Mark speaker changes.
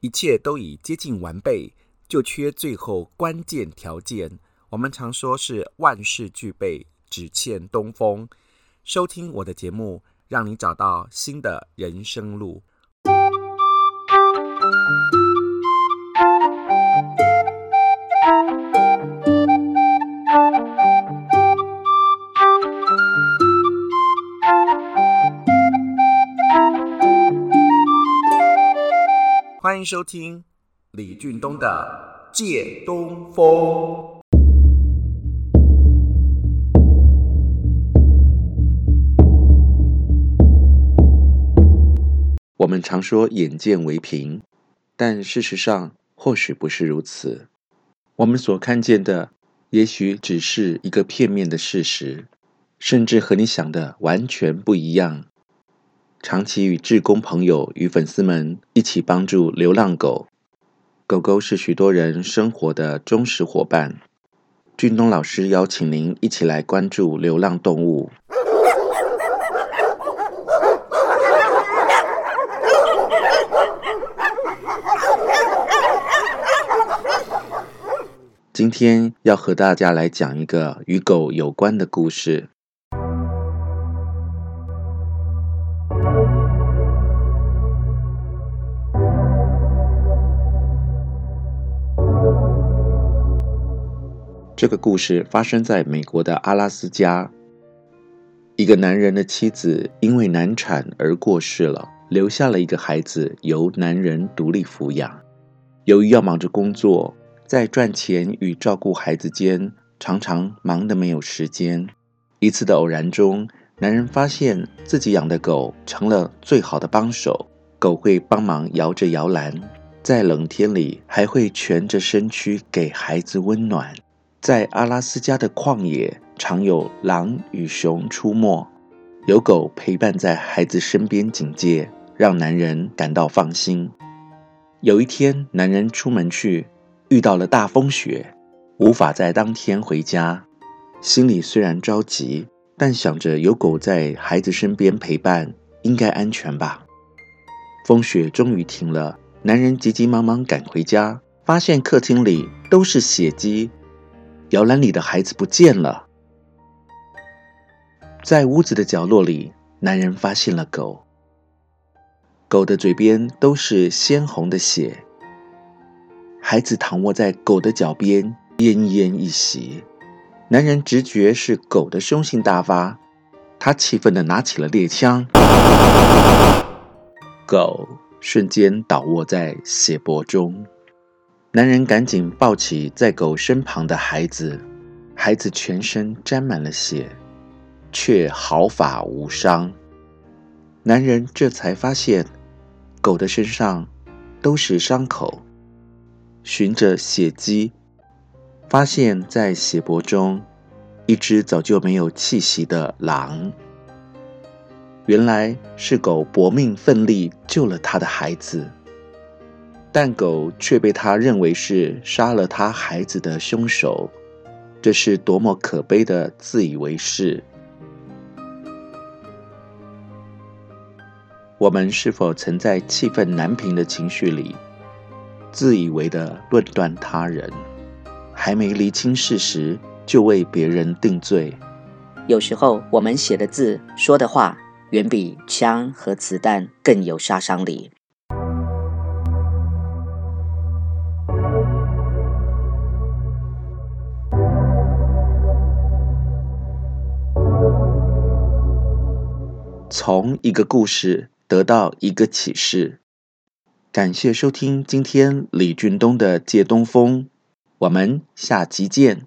Speaker 1: 一切都已接近完備，就缺最後關鍵條件。我們常說“是萬事俱備，只欠東風”。收聽我的節目，讓你找到新的人生路。歡迎收聽李俊東的《借東風》。我們常說“眼見為憑”，但事實上或許不是如此。我們所看見的，也許只是一個片面的事實，甚至和你想的完全不一樣。長期與志工朋友與粉絲們一起幫助流浪狗。狗狗是許多人生活的忠實夥伴。俊東老師邀請您一起來關注流浪動物。今天要和大家來講一個與狗有關的故事。這個故事發生在美國的阿拉斯加。一個男人的妻子因為難產而過世了，留下了一個孩子由男人獨立撫養。由於要忙着工作，在賺錢與照顧孩子間常常忙得沒有時間。一次的偶然中，男人發現自己養的狗成了最好的幫手。狗會幫忙搖着搖籃，在冷天裡還會蜷着身軀給孩子溫暖。在阿拉斯加的曠野，常有狼與熊出沒。有狗陪伴在孩子身邊警戒，讓男人感到放心。有一天，男人出門去，遇到了大風雪，無法在當天回家。心裡雖然着急，但想着有狗在孩子身邊陪伴，應該安全吧。風雪終於停了，男人急急忙忙趕回家，發現客廳裡都是血迹。搖籃裡的孩子不見了，在屋子的角落裡，男人發現了狗。狗的嘴邊都是鮮紅的血，孩子躺臥在狗的腳邊，奄奄一息。男人直覺是狗的兇性大發，他氣憤地拿起了獵槍，啊、狗瞬間倒臥在血泊中。男人趕緊抱起在狗身旁的孩子，孩子全身沾滿了血，卻毫髮無傷。男人這才發現，狗的身上都是傷口。尋着血跡，發現在血泊中，一隻早就沒有氣息的狼。原來是狗搏命奮力救了他的孩子。但狗卻被他認為是殺了他孩子的兇手，這是多麼可悲的自以為是！我們是否曾在氣憤難平的情緒裡，自以為的論斷他人，還沒釐清事實就為別人定罪？有時候我們寫的字、說的話，遠比槍和子彈更有殺傷力。從一個故事得到一個啟示。感謝收聽今天李俊東的《借東風》，我們下集見。